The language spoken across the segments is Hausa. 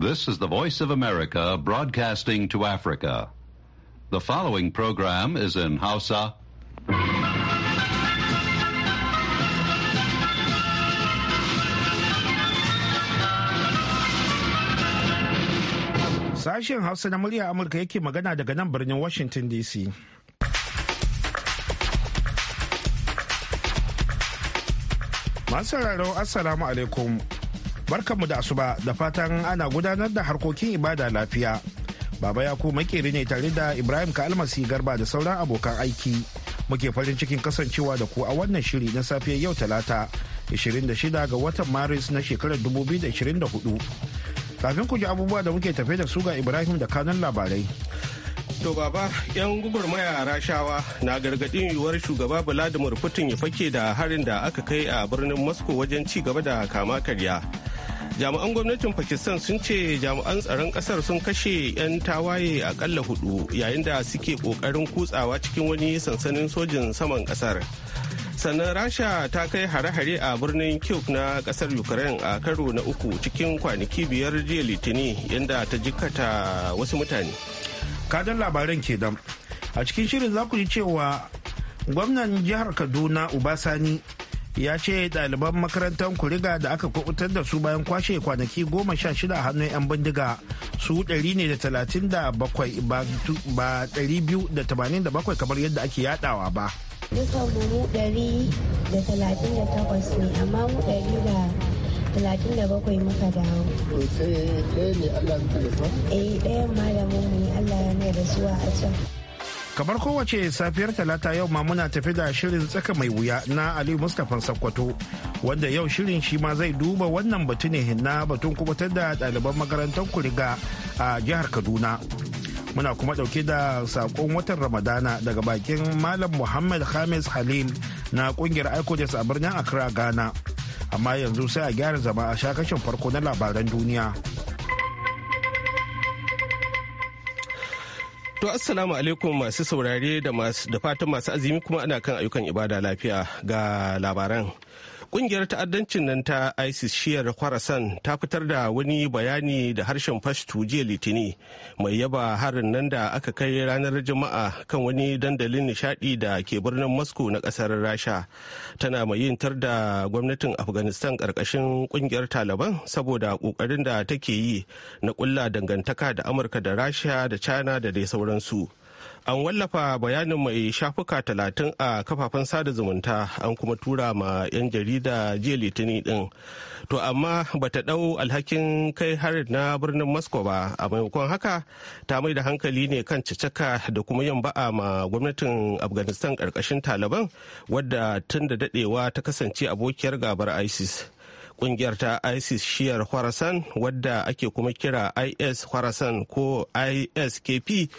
This is the Voice of America broadcasting to Africa. The following program is in Hausa. Sashen Hausa na murya Amurka yake magana daga nan birnin Washington DC. Masu sauraro Assalamu alaikum. barkanmu da asuba da fatan ana gudanar da harkokin ibada lafiya baba yaku makeri ne tare da ibrahim kalmasi garba da sauran abokan aiki muke farin cikin kasancewa da ku a wannan shiri na safiyar yau talata 26 ga watan maris na shekarar 2024 kafin ku ji abubuwa da muke tafe da su ga ibrahim da kanun labarai To baba, 'yan maya rashawa na gargadin yiwuwar shugaba Vladimir Putin ya fake da harin da aka kai a birnin Moscow wajen ci gaba da kama karya. jami'an gwamnatin pakistan sun ce jami'an tsaron kasar sun kashe 'yan tawaye akalla hudu yayin da suke kokarin kutsawa cikin wani sansanin sojin saman kasar sannan rasha ta kai hare-hare a birnin kyiv na kasar ukraine a karo na uku cikin kwanaki biyar jiya litinin yadda ta jikata wasu mutane kadan labaran ke dam a cikin shirin za ku ji cewa gwamnan jihar kaduna ubasani ya ce ɗaliban makarantar kuriga da aka kubutar da su bayan kwashe kwanaki goma sha shida a hannun 'yan bindiga su ɗari ne da talatin da bakwai ba ɗari biyu da tamanin da bakwai kamar yadda ake yadawa ba. Dukan mu ɗari da talatin da takwas ne amma mu ɗari da talatin da bakwai muka dawo. Sai ɗaya ne Allah ya Eh ɗayan malamin ne Allah ya nuna da rasuwa a can. kamar kowace safiyar talata yau ma muna tafi da shirin tsaka mai wuya na ali mustapha sakkwato wanda yau shirin shi ma zai duba wannan batu ne na batun kubutar da ɗaliban makarantar kuriga a jihar kaduna muna kuma ɗauke da saƙon watan ramadana daga bakin malam muhammad hamis halim na ƙungiyar icodes a birnin accra ghana amma yanzu sai a gyara zama a shakashin farko na labaran duniya To assalamu alaikum masu saurare da fatan masu azumi kuma ana kan ayyukan ibada lafiya ga labaran. Kungiyar ta'addancin nan ta ISIS shiyar kwarasan ta fitar da wani bayani da harshen fasto jiya Litini mai yaba harin nan da aka kai ranar Juma'a kan wani dandalin nishadi da ke birnin Moscow na kasar Rasha. Tana mai yin tar da gwamnatin Afghanistan karkashin kungiyar Taliban saboda kokarin da take yi na kulla dangantaka da Amurka da Rasha da China da dai sauransu. An wallafa bayanin mai shafuka talatin a kafafen sada zumunta an kuma tura ma 'yan jarida jiya litinin din. To amma bata dau alhakin kai harin na birnin Moscow ba a maimakon haka ta mai da hankali ne kan cicaka da kuma yin ba'a ma gwamnatin Afghanistan karkashin Taliban wadda tun da dadewa ta kasance abokiyar gabar ISIS. kungiyar ta isis shiyar khorasan wadda ake kuma kira is khorasan ko iskp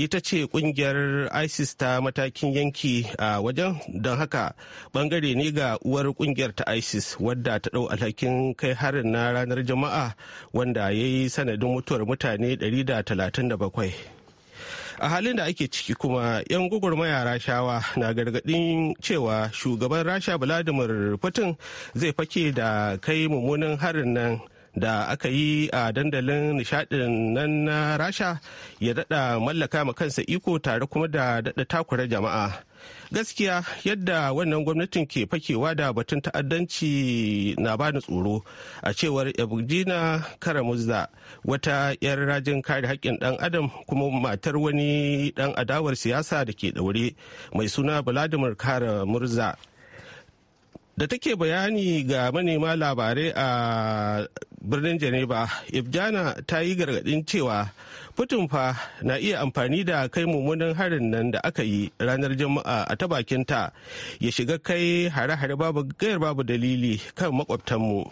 ita ce kungiyar isis ta matakin yanki a wajen don haka bangare ne ga uwar kungiyar ta isis wadda ta dau alhakin kai harin na ranar jama'a wanda ya yi sanadin mutuwar mutane 137 a halin da ake ciki kuma 'yan gwagwarmaya rashawa na gargadin cewa shugaban rasha vladimir putin zai fake da kai mummunan harin nan da aka yi a dandalin nishadin nan na rasha ya dada mallaka ma kansa iko tare kuma da dada takura jama'a gaskiya yadda wannan gwamnatin ke fakewa da batun ta'addanci na bani tsoro a cewar ebugina karamuzza wata 'yar rajin kare haƙƙin ɗan adam kuma matar wani ɗan adawar siyasa da ke ɗaure mai suna vladimir karamurza da take bayani ga manema labarai a birnin geneva ibjana ta yi gargadin cewa putin fa na iya amfani da kai mummunan harin nan da aka yi ranar juma'a a ta bakinta ya shiga kai hare-hare babu gayar babu dalili kan makwabtanmu. mu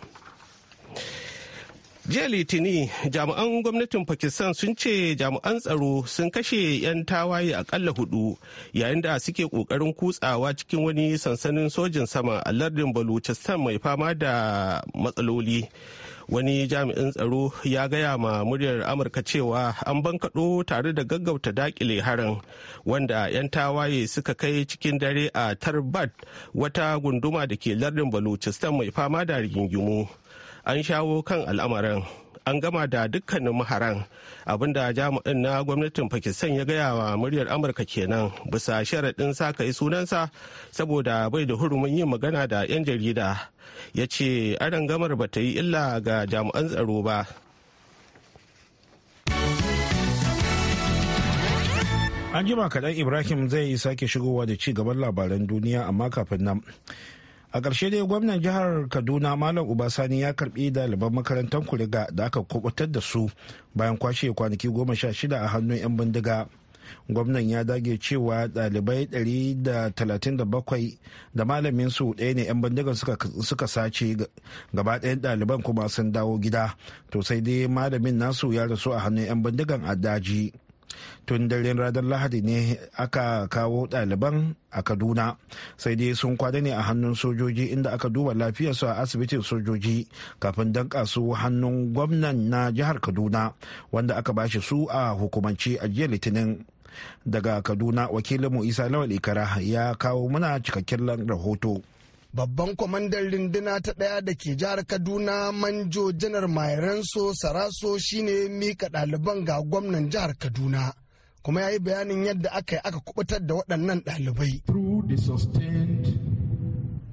jiya litini jami'an gwamnatin pakistan sun ce jami'an tsaro sun kashe 'yan tawaye akalla hudu yayin da suke kokarin kutsawa cikin wani sansanin sojin sama a lardin baluchistan mai fama da matsaloli wani jami'in tsaro ya gaya ma muryar amurka cewa an bankaɗo tare da gaggauta dakile harin wanda 'yan tawaye suka kai cikin dare a tarbat wata gunduma da ke lardin baluchistan mai fama da rigingimu an shawo kan al'amarin an gama da dukkanin maharan abinda jami'in na gwamnatin pakistan ya gaya wa muryar amurka kenan bisa sharaɗin ka yi sunansa saboda bai da hurumin yin magana da 'yan jarida ya ce gamar ba ta yi illa ga jami'an tsaro ba an jima kaɗan ibrahim zai sake shigowa da ci gaban labaran duniya amma kafin nan a ƙarshe dai gwamnan jihar kaduna malam uba sani ya karbi ɗaliban makarantar kuriga da aka kubutar da su bayan kwashe kwanaki goma sha shida a hannun 'yan bindiga gwamnan ya dage cewa ɗalibai 137 da malamin su ɗaya ne 'yan bindigan suka sace gaba ɗayan ɗaliban kuma sun dawo gida to sai dai malamin nasu ya rasu a hannun 'yan bindigan a daji tun daren ranar lahadi ne aka kawo ɗaliban a kaduna sai dai sun kwada ne a hannun sojoji inda aka duba lafiyarsu a asibitin sojoji kafin danka su hannun gwamnan na jihar kaduna wanda aka bashi su a hukumance a jiya litinin daga kaduna wakilinmu isa lawal ikara ya kawo muna cikakken rahoto babban kwamandan rinduna ta ɗaya da ke jihar kaduna manjo janar mairanso saraso shine mika ɗaliban ga gwamnan jihar kaduna kuma ya yi bayanin yadda aka yi aka kubutar da waɗannan ɗalibai through the sustained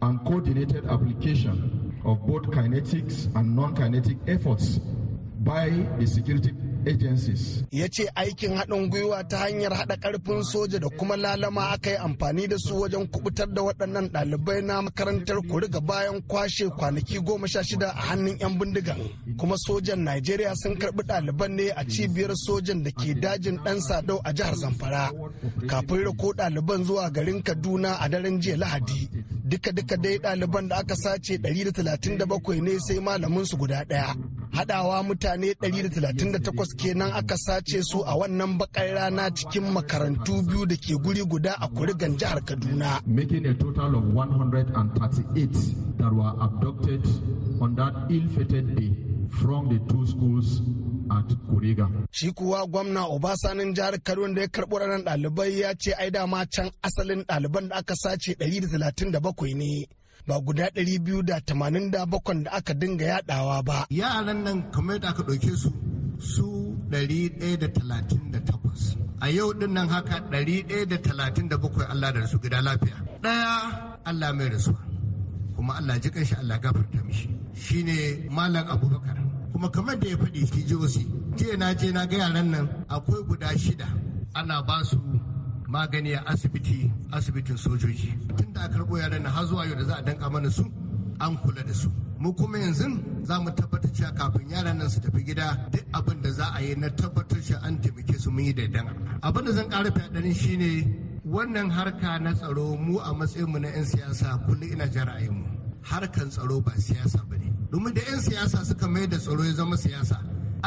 and coordinated application of both kinetics and non-kinetic efforts by the security agencies. Ya ce aikin haɗin gwiwa ta hanyar haɗa ƙarfin soja da kuma lalama aka yi amfani da su wajen kubutar da waɗannan ɗalibai na makarantar kuriga bayan kwashe kwanaki goma sha shida a hannun 'yan bindigan. Kuma sojan Najeriya sun karɓi ɗaliban ne a cibiyar sojan da ke dajin ɗan sadau a jihar Zamfara. Kafin rako ɗaliban zuwa garin Kaduna a daren jiya Lahadi. duka duka dai ɗaliban da aka sace 137 ne sai malamin su guda ɗaya haɗawa mutane 138 kenan aka sace su a wannan bakar rana cikin makarantu biyu da ke guri guda a kurigan jihar kaduna making a total of 138 that were abducted on that ill-fated day from the two schools a Korega. Shi kuwa gwamna Obasanin jihar Kano da ya karɓo ranar ɗalibai ya ce ai dama can asalin ɗaliban da aka sace 137 ne. ba guda 287 da aka dinga yadawa ba. Yaran nan kamar da aka ɗauke su su 138. A yau din nan haka 137 Allah da su gida lafiya. Ɗaya Allah mai rasuwa. kuma Allah ji kanshi Allah gafarta mishi shine malam Abubakar kuma kamar da ya faɗi shi josi jiya na je na ga yaran nan akwai guda shida ana ba su magani a asibiti asibitin sojoji tun da karɓo yaran nan har zuwa yau da za a danka mana su an kula da su mu kuma yanzu za mu tabbatar cewa kafin yaran nan su tafi gida duk abin da za a yi na tabbatar cewa an taimake su mun yi daidan abin da zan ƙara fadarin shine wannan harka na tsaro mu a matsayinmu na 'yan siyasa kullum ina jin ra'ayinmu harkan tsaro ba siyasa ba ne domin da 'yan siyasa suka mai da tsaro ya zama siyasa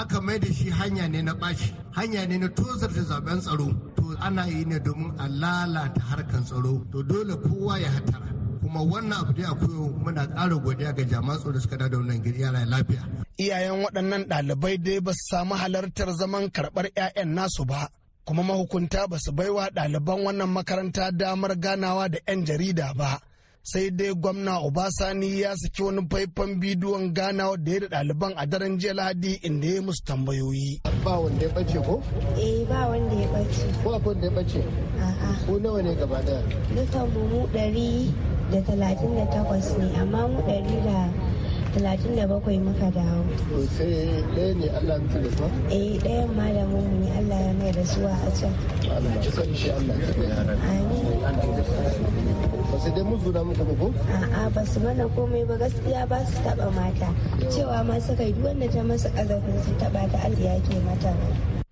aka mai da shi hanya ne na bashi hanya ne na tozarta zaben tsaro to ana yi ne domin a lalata harkan tsaro to dole kowa ya hatara kuma wannan abu da akwai muna ƙara godiya ga jama'a tsoro suka da wannan gari lafiya iyayen waɗannan ɗalibai dai ba su samu halartar zaman karɓar 'ya'yan nasu ba kuma mahukunta ba su baiwa ɗaliban wannan makaranta damar ganawa da 'yan jarida ba sai dai gwamna obasani ya saki wani faifan bidiyon gana da ya da ɗaliban a daren jiya lahadi inda ya musu tambayoyi ba wanda ya bace ko eh ba wanda ya bace ko akwai wanda ya bace a'a ko nawa ne gaba daya dukkan mu mu ɗari da talatin da takwas ne amma mu ɗari da talatin da bakwai muka dawo. To sai ɗaya ne Allah ya da su? Eh ɗayan malamin mu ne Allah ya mai da suwa a can. Allah ya san shi Allah ya Amin. ba dai dai musguna muku ba ko a'a basu su mana komai ba gaskiya ba su taba mata cewa ma suka yi wanda ta masa kazafin su taba ta aliya ke mata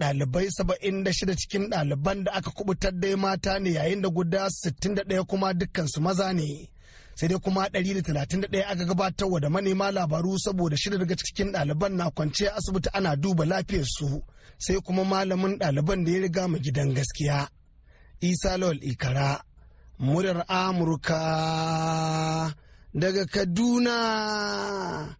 dalibai saba'in da shida cikin ɗaliban da aka kubutar dai mata ne yayin da guda sittin da ɗaya kuma dukkansu maza ne. sai dai kuma 131 aka gabatarwa da manema labaru saboda shida daga cikin ɗaliban na kwance asibiti ana duba lafiyar su sai kuma malamin ɗaliban da ya riga mu gidan gaskiya isa lawal ikara murar Amurka daga Kaduna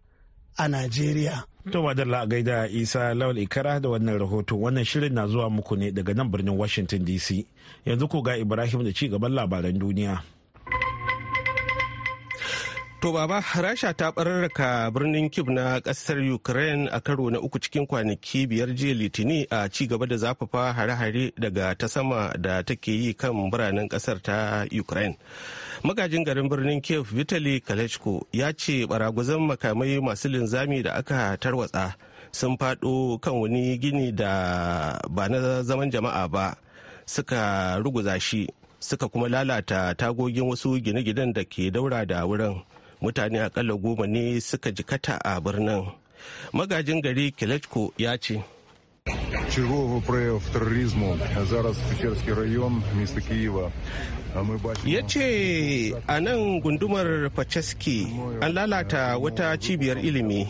a Najeriya. To madalla a gaida Isa Lawal Ikara da wannan rahoto wannan shirin na zuwa muku ne daga nan birnin Washington DC. Yanzu ko ga Ibrahim da ci gaban labaran duniya. To baba Rasha ta bararraka birnin Kyiv na kasar Ukraine a karo na uku cikin kwanaki biyar jiya Litini a ci gaba da zafafa hare-hare daga ta sama da take yi kan biranen kasar ta Ukraine. Magajin garin birnin Kyiv Vitali Kalechko ya ce baraguzan makamai masu linzami da aka tarwatsa sun faɗo kan wani gini da ba na zaman jama'a ba suka ruguza shi suka kuma lalata tagogin wasu gine-ginen da ke daura da wurin. mutane akalla goma ne suka jikata a birnin magajin gari kilechko ya ce Ya ce a nan gundumar Pacheski an lalata wata cibiyar ilimi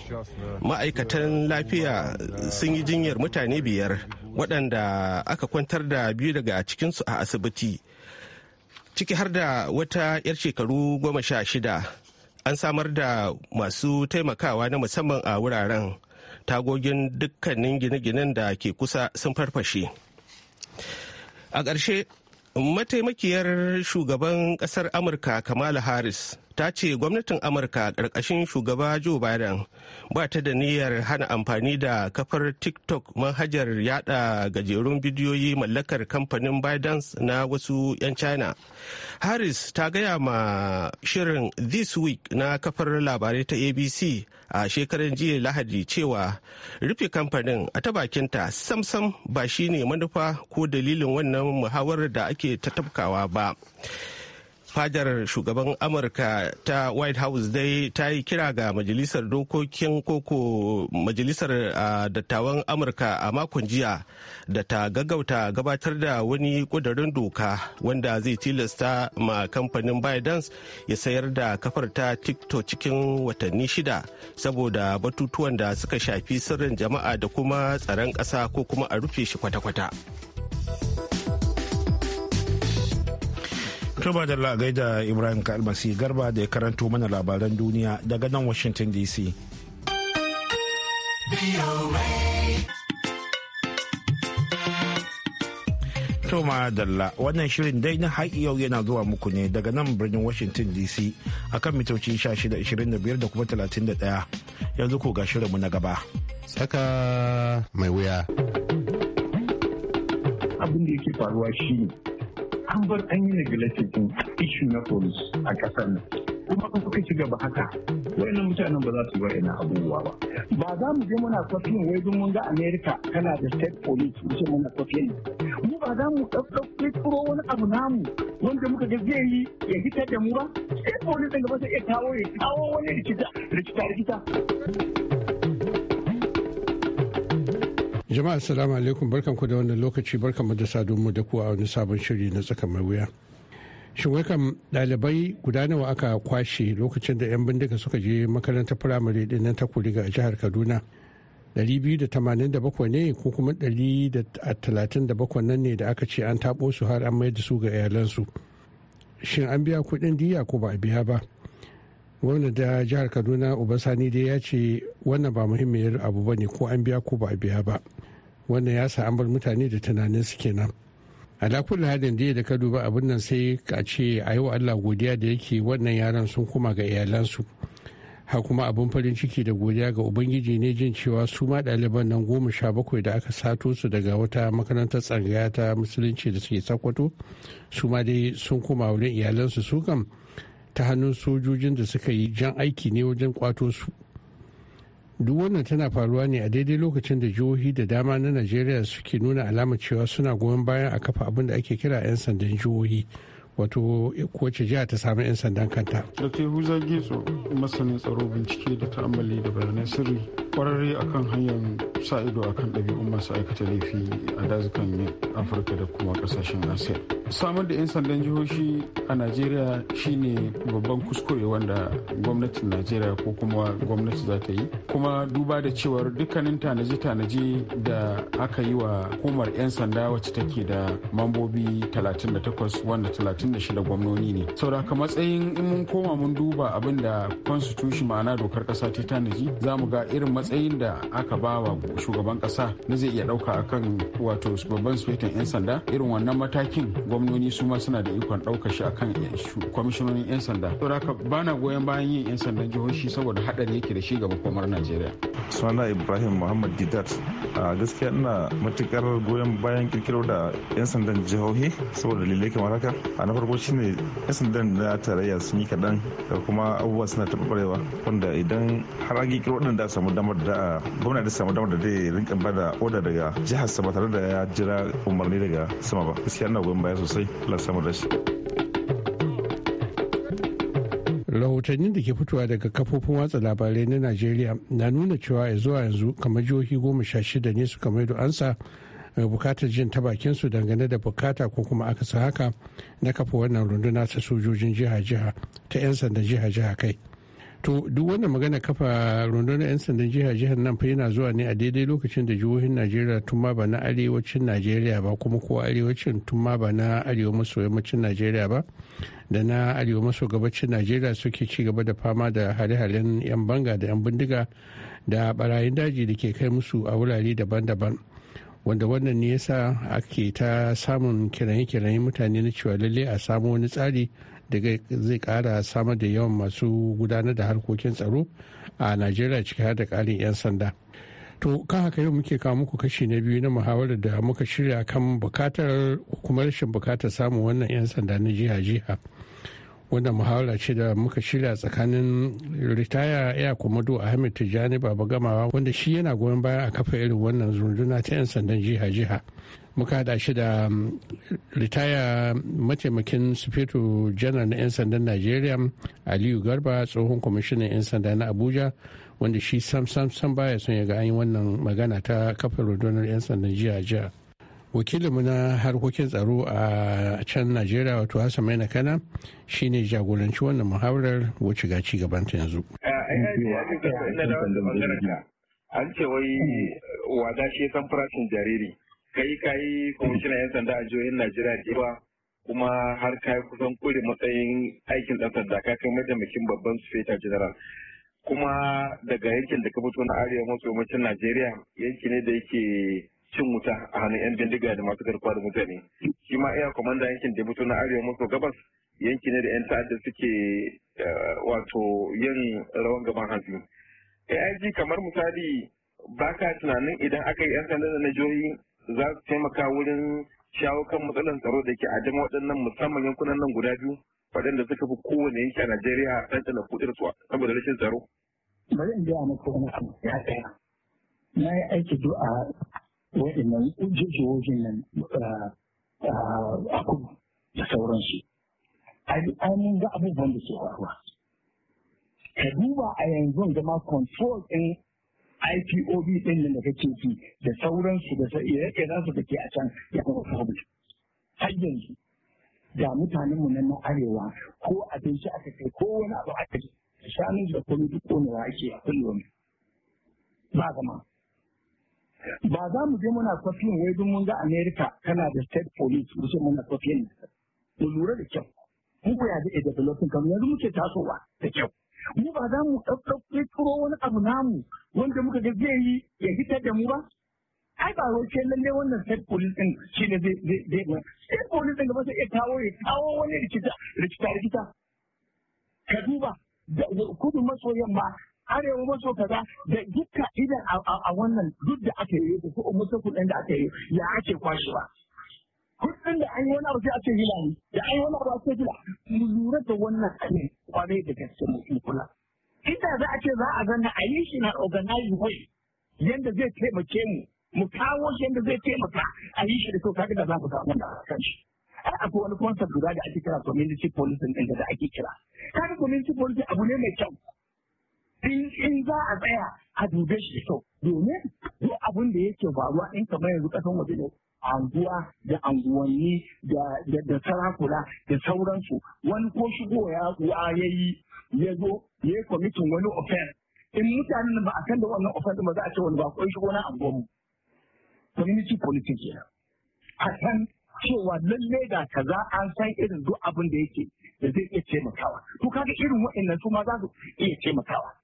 ma'aikatan lafiya sun yi jinyar mutane biyar waɗanda aka kwantar da biyu daga cikinsu a asibiti ciki har da wata 'yar shekaru goma sha shida an samar da masu taimakawa na musamman a wuraren tagogin dukkanin gine-ginen da ke kusa sun farfashe a ƙarshe mataimakiyar shugaban ƙasar amurka kamala harris ta ce gwamnatin amurka ƙarƙashin shugaba joe biden ba ta da niyyar hana amfani da kafar tiktok manhajar yada gajerun bidiyoyi mallakar kamfanin biden na wasu 'yan china harris ta gaya ma shirin this week na kafar labarai ta abc a shekaran jiya lahadi cewa rufe kamfanin a ta bakinta samsam ba shi ne manufa ko dalilin wannan muhawar da ake ta tafkawa ba fadar shugaban amurka ta white house dai ta yi kira ga majalisar dokokin koko majalisar dattawan amurka a makon jiya da ta gaggauta gabatar da wani kudurin doka wanda zai tilasta ma kamfanin bidens ya sayar da kafar ta tiktok cikin watanni shida saboda batutuwan da suka shafi sirrin jama'a da kuma tsaron ƙasa ko kuma a rufe shi kwata-kwata. Tuba da gaida Ibrahim Kalmasi Garba da ya karanto mana labaran duniya daga nan Washington DC. Toma Dalla wannan shirin dai na haƙi yau yana zuwa muku ne daga nan birnin Washington DC akan mitoci 1625 da kuma 31 yanzu ko ga shirinmu na gaba. Saka mai wuya. Abin da yake faruwa shi ne an bar an yi neglecting issue na police a ƙasar nan kuma in kuka ci gaba haka wayannan mutanen ba za su yi wayannan abubuwa ba ba za mu je muna kwafin wai don mun ga america tana da state police mu ce muna kwafin mu ba za mu ɗauke turo wani abu namu wanda muka ga zai yi ya fitar da mu ba state police daga gaba sai ya kawo ya kawo wani rikita rikita rikita jama'a assalamu alaikum barkan ku da wannan lokaci barkan mu da sadonmu da kuwa wani sabon shiri na tsaka mai wuya shin wai kam ɗalibai guda nawa aka kwashe lokacin da 'yan bindiga suka je makarantar firamare din nan ta kuriga a jihar kaduna 287 ne ko kuma 137 nan ne da aka ce an taɓo su har an mayar da su ga iyalansu shin an biya kuɗin diya ko ba a biya ba gwamnan da jihar kaduna sani dai ya ce wannan ba muhimmiyar abu ba ne ko an biya ko ba a biya ba wannan ya sa an bar mutane da tunanin su kenan alakul hadin da ya da ka duba abin nan sai a ce a yi wa allah godiya da yake wannan yaran sun kuma ga iyalansu ha kuma abin farin ciki da godiya ga ubangiji ne jin cewa su ma ɗaliban nan goma sha bakwai da aka sato su daga wata makarantar tsangaya ta musulunci da suke sakwato su ma dai sun kuma wurin iyalansu su kam ta hannun sojojin da suka yi jan aiki ne wajen kwato su duk wannan tana faruwa ne a daidai lokacin da jihohi da dama na najeriya suke nuna alamar cewa suna goyon bayan a kafa abin da ake kira 'yan sandan jihohi wato kowace jiha ta samu 'yan sandan kanta. Dr. Huza gizo masanin tsaro bincike da ta'ammali da bayanai sirri kwararre akan hanyar sa ido akan ɗabi'un masu aikata laifi a dazukan afirka da kuma ƙasashen asiya. samar da 'yan sandan jihohi a najeriya shine babban kuskure wanda gwamnatin najeriya ko kuma gwamnati za ta yi kuma duba da cewar dukkanin tanaje tanaji da aka yi wa hukumar 'yan sanda wacce take da mambobi 38 wanda 36 gwamnoni ne sauraka matsayin in mun koma mun duba abin da constitution ma'ana dokar kasa ta tanaji za mu ga irin matsayin da aka ba wa shugaban kasa na zai iya dauka akan wato babban sufetin 'yan sanda irin wannan matakin gwamnati gwamnoni su ma suna da ikon ɗaukar shi akan kwamishinonin 'yan sanda. Saboda haka bana goyon bayan yin 'yan sandan jihohi saboda haɗari yake da shi ga makomar Najeriya. suna ibrahim muhammad didat a gaskiya ina matukar goyon bayan kirkiro da 'yan sandan jihohi saboda dalilai kamar haka a na farko shine 'yan sandan na tarayya sun yi kaɗan da kuma abubuwa suna taɓarɓarewa wanda idan har an kirkiro ɗin da samu damar da gwamna da samu damar da zai rinka ba oda daga jihar sama tare da ya jira umarni daga sama ba gaskiya ina goyon baya sosai lasamu samu da shi. rahotannin da ke fitowa daga kafofin watsa labarai na najeriya na nuna cewa ya zuwa yanzu kamar jihohi goma sha shida ne suka maido ansa eh, bukatar jin ta bakinsu dangane da bukata ko kuma aka sa haka na kafa wannan runduna ta sojojin jiha-jiha ta 'yan sandan jiha-jiha kai to duk wannan magana kafa rundunar 'yan sandan jiha-jihar nan fa yana zuwa ne a daidai lokacin da jihohin najeriya tun ma ba na arewacin najeriya ba kuma ko arewacin tun ma ba na arewa maso yammacin najeriya ba da na arewa maso gabacin najeriya suke ci gaba da fama da hare-haren 'yan banga da 'yan bindiga da barayin daji da ke kai musu a wurare daban-daban wanda wannan ne yasa ake ta samun kiraye-kiraye mutane na cewa lalle a samu wani tsari daga zai kara samar da yawan masu gudanar da harkokin tsaro a najeriya ciki har da karin 'yan sanda to kan haka yau muke kawo muku kashi na biyu na muhawarar da muka shirya kan bukatar kuma rashin bukatar samun wannan 'yan sanda na jiha-jiha wannan muhawara ce da muka shirya tsakanin ritaya ya komodo ahmed tijjani baba gamawa wanda shi yana goyon bayan a kafa irin wannan runduna ta 'yan sandan jiha-jiha muka hada shi da um, ritaya mataimakin sufeto janar na 'yan sandan najeriya aliyu garba tsohon kwamishinan 'yan sanda na abuja wanda shi sam sam sam baya son ya ga an yi wannan magana ta kafa rundunar 'yan sandan jiha-jiha wakilinmu na harkokin tsaro a can najeriya wato hassan maina kana shine jagoranci wannan muhawarar wuce ga ci gaban ta yanzu an ce wai wada shi san farashin jariri kai kai kwamishinan yan sanda a jihohin najeriya da yawa kuma har kai kusan kure matsayin aikin ɗan sanda ka kai mataimakin babban sufeta general kuma daga yankin da ka fito na arewa maso yammacin najeriya yanki ne da yake cin wuta a hannun 'yan bindiga da masu garkuwa da mutane. Shi ma iya kwamanda yankin da na arewa maso gabas yanki ne da 'yan ta'adda suke eh, wato yin rawan gaban hanzu. AIG kamar misali ba ka tunanin idan aka yi 'yan sanda na jihohi za su taimaka wurin shawo kan matsalar tsaro da ke adama waɗannan musamman yankunan nan guda biyu waɗanda suka fi kowane yanki a Najeriya tana kuɗin su saboda rashin tsaro. Bari in a maka wani ya tsaya. Na yi aiki du'a wa'annan jijiyoyin nan eh, eh, a kudu da sauransu. A yi mun ga abubuwan da ke faruwa. Ka duba a yanzu gama control ɗin IPOB ɗin nan da kake fi da sauransu da yake za su ke a can ya kuma faru. Har yanzu da mutanenmu nan na arewa ko abinci aka kai ko wani abu aka ji shanun da kuma duk konewa ake a kullum. Ba zama. ba za mu je muna kwafin wai don mun ga America tana da state police mu ce muna kwafiyin mu lura da kyau mu ko ya da development kamar yanzu muke tasowa da kyau mu ba za mu ɗauke turo wani abu namu wanda muka ga zai yi ya hitar da mu ba ai ba ke lalle wannan state police din shi ne zai zai ba state police din gaba sai ya kawo ya kawo wani rikita rikita rikita ka duba kudu maso yamma arewa maso kaza da dukka idan a wannan duk da aka yi ko musu kuɗin da aka yi ya ake kwashewa Kudin da an yi wani abu sai a ce gila ne da an yi wani abu ake ce gila mu lura da wannan ne kwarai da gaske mu kula inda za a ce za a zanna a yi shi na organize way yadda zai taimake mu mu kawo shi yadda zai taimaka a yi shi da kyau kaga da za ku samu da kan shi ai akwai wani kwanta guda da ake kira community policing ɗin da ake kira kaga community policing abu ne mai kyau in in za a tsaya a dube shi da kyau domin duk abin da yake faruwa in kamar yanzu kasan waje ne anguwa da anguwanni da sarakuna da sauransu wani ko shigo ya ya yi ya zo ya yi kwamitin wani offense in mutanen ba a san da wannan offense ba za a ce wani ba ko shigo na mu community politics kenan a san cewa lalle da kaza an san irin duk abin da yake da zai iya taimakawa to kaga irin waɗannan su ma za su iya taimakawa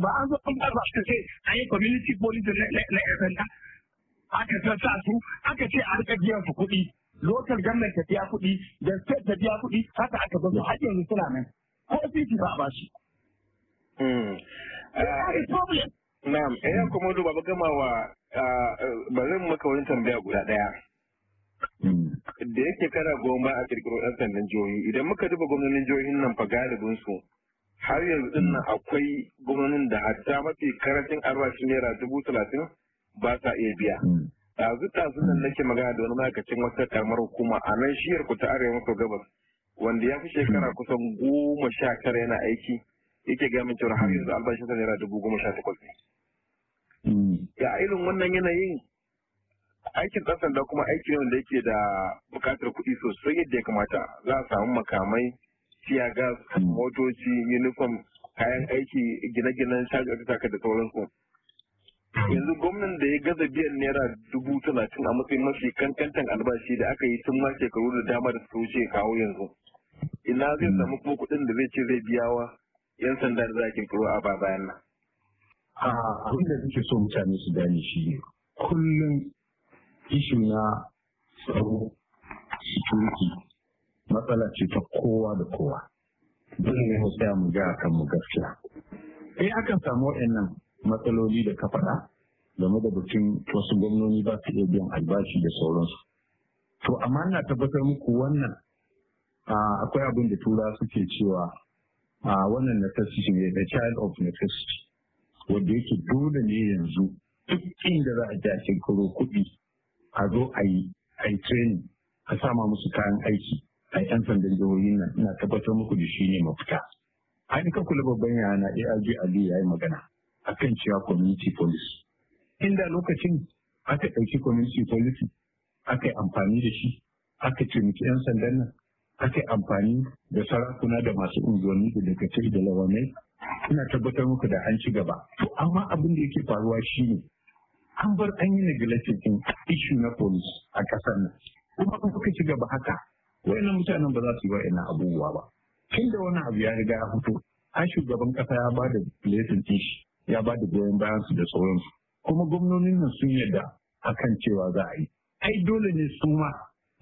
ba an zo an ba su ce an yi community policy na ƴan aka sassa su aka ce a rika biyan su kuɗi local government ta biya kuɗi da state ta biya kuɗi haka aka zo har yanzu suna nan ko titi ba a ba shi. Hmm. Na'am, eh hmm. kuma duba ba gama wa ah, eh, ba zan maka wani tambaya guda ɗaya. Hmm. Da yake kana goma a kirkiro ɗan sandan jihohi idan muka duba gwamnonin jihohin nan fa galibin su har yanzu din nan akwai gwamnonin da hatta mafi karancin albashin naira dubu talatin ba sa iya biya. Ɗazu mm. ɗazu nan mm. nake magana da wani ma'aikacin wata karamar hukuma a nan shiyar ku ta arewa maso gabas wanda ya fi shekara mm. kusan goma sha tara yana aiki yake ga min cewa har yanzu albashin sa naira dubu goma sha takwas ne. Ya irin wannan yanayin aikin ɗan kuma aiki ne da yake da buƙatar kuɗi sosai yadda ya kamata za a samu makamai siya gas motoci uniform kayan aiki gine-ginen shagaka da sauransu yanzu gwamnan da ya gaza biyan naira dubu talatin a matsayin mafi kankantan albashi da aka yi tun ma shekaru da dama da suka wuce kawo yanzu ina zai hmm. samu kuma kuɗin da zai ce zai biya wa yan sanda da zakin kuro a ba bayan nan. Ah, abin da nake so mutane su gane shi ne kullum ishin na tsaro security matsala ce ta kowa da kowa duk ne mu tsaya mu ga kan mu gaskiya sai akan samu waɗannan matsaloli da ka faɗa game da batun wasu gwamnoni ba su iya biyan albashi da sauransu to amma ina tabbatar muku wannan akwai abin da tura suke cewa a wannan necessity ne the child of necessity wanda yake dole ne yanzu duk inda za a ja a shekaru kuɗi a zo ayi a yi training a sama musu kayan aiki 'yan sandan jihohi nan ina tabbatar muku da shi ne mafita. Ainihin kula babban yana ARG Ali ya yi magana a kan cewa community policy. Inda lokacin aka ɗauki community policy aka yi amfani da shi aka taimaki 'yan sandan nan aka yi amfani da sarakuna da masu unguwanni da dakatai da lawanai ina tabbatar muku da an ci gaba to amma abin da yake faruwa shi ne an bar an yi neglecting issue na police a ƙasar nan kuma kuka ci gaba haka wayannan mutanen ba za su yi wayannan abubuwa ba tun da wani abu ya riga ya fito har shugaban kasa ya ba da lesin shi ya ba da goyon bayan su da sauransu kuma gwamnonin nan sun yadda akan cewa za a yi ai dole ne su ma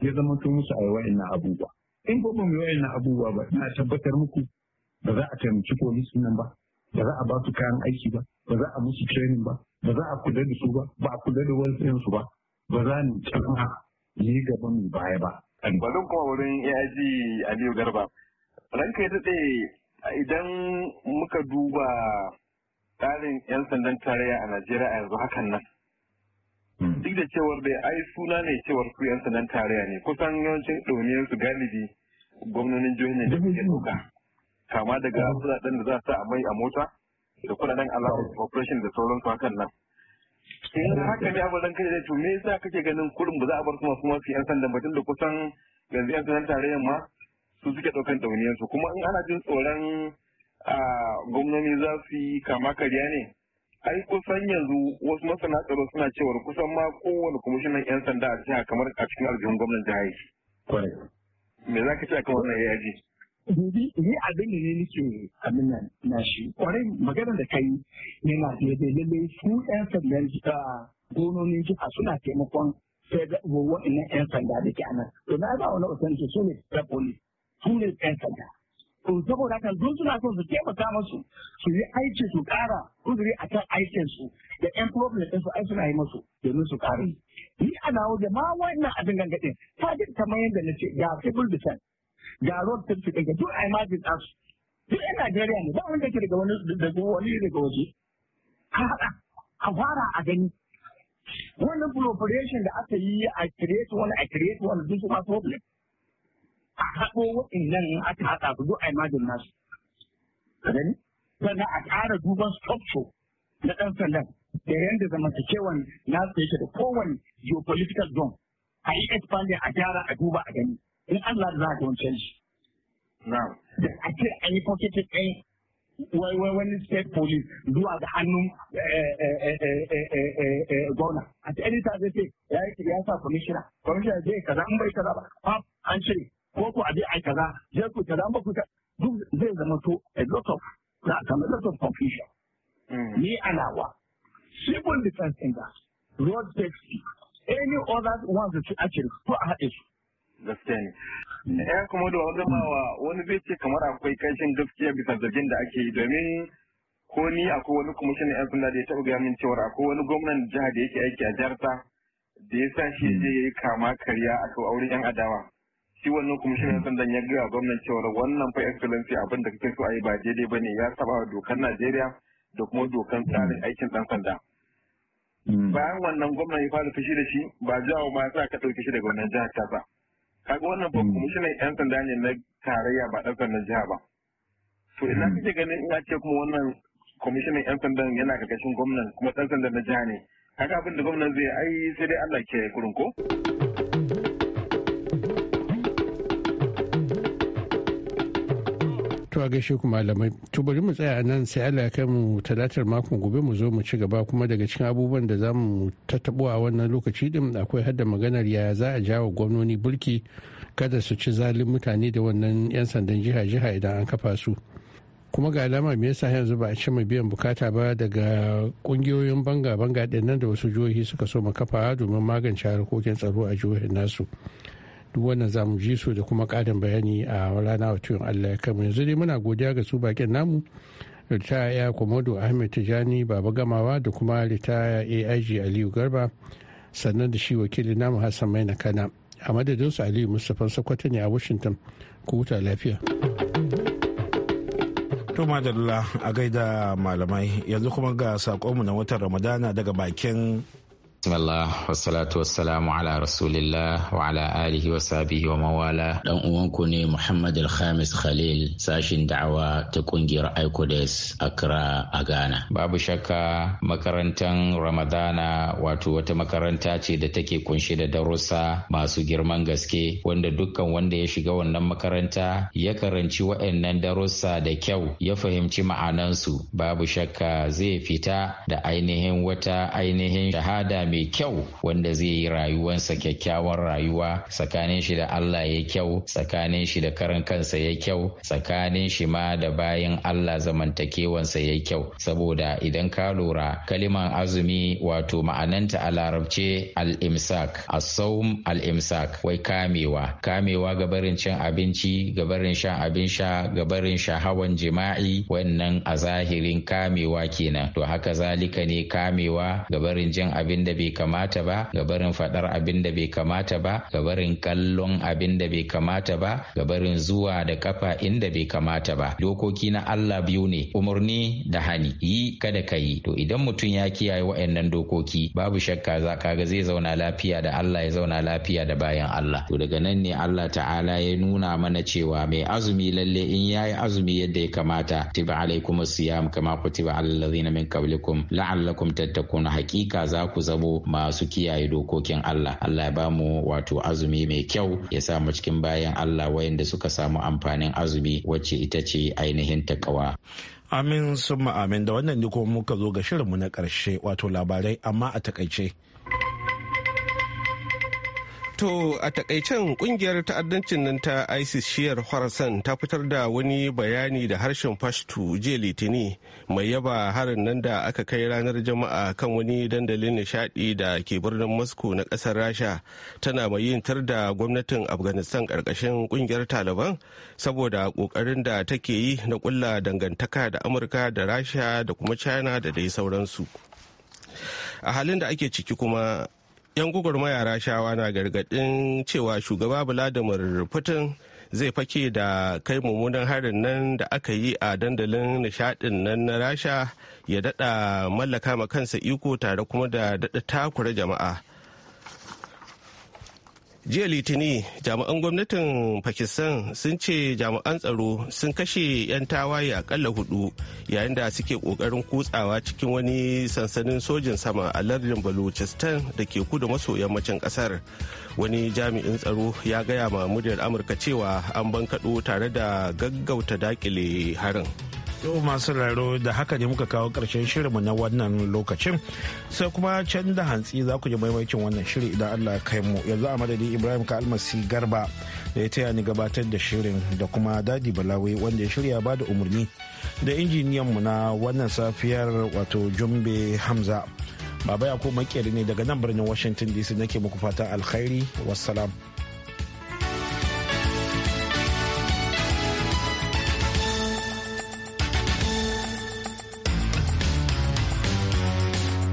ya zama tun musu a yi wayannan abubuwa in ko ba mu yi wayannan abubuwa ba ina tabbatar muku ba za a taimaki polisi nan ba ba za a ba su kayan aiki ba ba za a musu training ba ba za a kula da su ba ba a kula da wasu ba ba za ni ma yi gaba mu baya ba Bari kuma wurin AIG Aliyu Garba. Ranka ya daɗe idan muka duba tsarin 'yan sandan tarayya a Najeriya a yanzu hakan nan. Hmm. Duk da cewar da ai suna ne cewar su 'yan sandan tarayya ne kusan yawancin ɗauniyar su galibi gwamnanin jihohi ne da suke ɗauka. Kama daga kuɗaɗen da za a sa a mai a mota da kuɗaɗen allowance operation da sauransu hakan nan. in haka ne abin kai da to me yasa kake ganin kurin ba za a bar kuma kuma su yan sanda batun da kusan yanzu yan sandan tarayyar ma su suke ɗaukan ɗauniyar su kuma in ana jin tsoron gwamnoni za su yi kama karya ne ai kusan yanzu wasu masana tsaro suna cewar kusan ma kowane kwamishinan yan sanda a jiha kamar a cikin aljihun gwamnan jihar me za ka ce akan wannan yaji dubi ni abin da ne nake abin nan na shi kwarai magana da kai yana daidai lalle su yan sandan ah, gononin jiha suna taimakon sai ga wa'annan yan sanda da ke anan to na ba wani otanci su ne da police su ne sanda to saboda duk suna son su taimaka musu su yi aiki su kara kuduri a kan aikin su da yan problem din su ai suna yi musu domin su kare ni ana wajen ma wannan abin gangadin ta kamar yadda na ce ga civil defense ga road trip din ga duk imagine as duk yan Najeriya ne ba wanda ke daga wani daga wani daga waje ka haɗa ka fara a gani wannan proliferation da aka yi a create one a create one duk ma problem a haɗo waɗannan aka haɗa su duk imagine nasu ka gani sannan a ƙara duban structure na ɗan sandan da yadda zamantakewan nasu yake da kowane geopolitical zone a yi expanding a gyara a duba a gani in Allah za ka wancan shi. A ce a yi fokitin ɗin wai wai wani state police zuwa ga hannun eh, eh, eh, gwamna. A ce edita zai ce ya yi ya sa commissioner, commissioner zai kaza in bai kaza ba, pap an ce ko ku a je a yi kaza, je ku kaza ba ku duk zai zama to a lot of a lot of confusion. Mm. Ni alawa, civil defense in that, road safety, any other ones that you actually to a haɗe su. gaskiya ne ya hmm. eh, kuma da zama wa wani zai ce kamar akwai kashin gaskiya bisa zargin da ake yi domin ko ni akwai wani kwamishinan yan sanda da ya taɓa gamin cewar akwai wani gwamnan jiha da yake aiki a jihar ta da ya sa shi zai hmm. yi kama karya a kan auren yan adawa shi wannan kwamishinan yan hmm. sanda ya gaya gwamnan cewar wannan fa excellency abin da kake so a yi ba daidai ba ne ya saba wa dokar najeriya da kuma dokar tsarin aikin ɗan sanda. bayan wannan gwamnan ya fara fushi da shi ba jawo ma sa ka ɗauki shi daga wannan jihar ta ba kaga wannan ba hmm. kwamishinan yan sanda ne na tarayya ba ɗan na jiha ba to ina hmm. kake ganin ina ce kuma wannan kwamishinan yan sandan yana karkashin gwamnan kuma ɗan sanda na jiha ne kaga abin da gwamnan zai ai sai dai Allah ke kurin ko to a gaishe ku malamai to bari mu tsaya nan sai Allah ya kai mu talatar makon gobe mu zo mu ci gaba kuma daga cikin abubuwan da za mu tattabo a wannan lokaci din akwai hadda maganar ya za a jawo gwamnoni burki kada su ci zalin mutane da wannan 'yan sandan jiha-jiha idan an kafa su kuma ga alama me yasa yanzu ba a ci mai biyan bukata ba daga kungiyoyin banga-banga ɗin nan da wasu jihohi suka so mu kafa domin magance harkokin tsaro a jihohin nasu duk wannan za mu ji su da kuma ƙarin bayani a rana wato allah ya kama yanzu dai muna godiya ga su bakin namu ritaya komodo ahmed tijani baba gamawa da kuma ritaya aig aliyu garba sannan da shi wakilin namu hassan maina kana a su aliyu mustapha sakwata ne a washington ku huta lafiya to madalla a gaida malamai yanzu kuma ga sakonmu na watan ramadana daga bakin Bismillah wassalatu wassalamu ala rasulillah wa ala alihi wa sahbihi wa mawala dan uwanku ne Muhammad Al-Khamis Khalil sashin da'awa ta kungiyar Icodes Accra a Ghana. Babu shakka makarantar Ramadana wato wata makaranta ce da take kunshe da darussa masu girman gaske wanda dukkan wanda ya shiga wannan makaranta ya karanci waɗannan darussa da kyau ya fahimci ma'anansu babu shakka zai fita da ainihin wata ainihin shahada mai kyau wanda zai yi rayuwansa kyakkyawan rayuwa tsakanin shi da Allah ya kyau tsakanin shi da karan kansa ya kyau tsakanin shi ma da bayan Allah zamantakewansa ya kyau saboda idan ka lura kaliman azumi wato ma'ananta a larabce al-imsak as-sawm al-imsak wai kamewa kamewa ga barin cin abinci ga barin shan abin sha ga barin shahawan jima'i wannan a zahirin kamewa kenan to haka zalika ne kamewa ga barin jin abin da bai kamata ba ga barin faɗar abin da bai kamata ba ga barin kallon abin da bai kamata ba ga barin zuwa da kafa inda bai kamata ba dokoki na Allah biyu ne umarni da hani yi kada ka yi to idan mutum ya kiyaye waɗannan dokoki babu shakka za ga zai zauna lafiya da Allah ya zauna lafiya da bayan Allah to daga nan ne Allah ta'ala ya nuna mana cewa mai azumi lalle in yayi azumi yadda ya kamata tiba alaikum siyam kama kutiba alal ladina min qablikum la'allakum tattakuna hakika za ku zamo masu kiyaye dokokin Allah Allah ya bamu wato azumi mai kyau ya sa mu cikin bayan Allah wayanda suka samu amfanin azumi wacce ita ce ainihin takawa amin sun amin da wannan ne kuma muka zo ga shirinmu na ƙarshe wato labarai amma a takaice To a takaicen kungiyar ta'addancin nan ta ISIS shiyar Khorasan ta fitar da wani bayani da harshen Pashto jiya Litini mai yaba harin nan da aka kai ranar jama'a kan wani dandalin nishadi da ke birnin Moscow na kasar Rasha tana mai yin tar da gwamnatin Afghanistan karkashin kungiyar Taliban saboda kokarin da take yi na kulla dangantaka da Amurka da Rasha da kuma China da dai sauransu. A halin da ake ciki kuma 'Yan gwagwarmaya Rashawa na gargadin cewa shugaba Vladimir Putin zai fake da kai mummunan harin nan da aka yi a dandalin nishadin nan na Rasha ya dada mallaka ma kansa iko tare kuma da daɗa takura jama'a. jiya litini jami'an gwamnatin pakistan sun ce jami'an tsaro sun kashe 'yan tawaye akalla hudu yayin da suke kokarin kutsawa cikin wani sansanin sojin sama a lardin balochistan da ke kudu maso yammacin kasar wani jami'in tsaro ya gaya ma muryar amurka cewa an bankaɗo tare da gaggauta dakile harin. yau masu raro da haka ne muka kawo ƙarshen shirinmu na wannan lokacin sai kuma can da hantsi za ku ji maimakin wannan shiri idan allah kai mu yanzu a madadin ibrahim kalmasi garba da ya taya ni gabatar da shirin da kuma dadi balawe wanda ya shirya ba da umarni da injiniyan mu na wannan safiyar wato jumbe hamza baba ya ko makeri ne daga nan birnin washington dc nake muku fatan alkhairi wassalam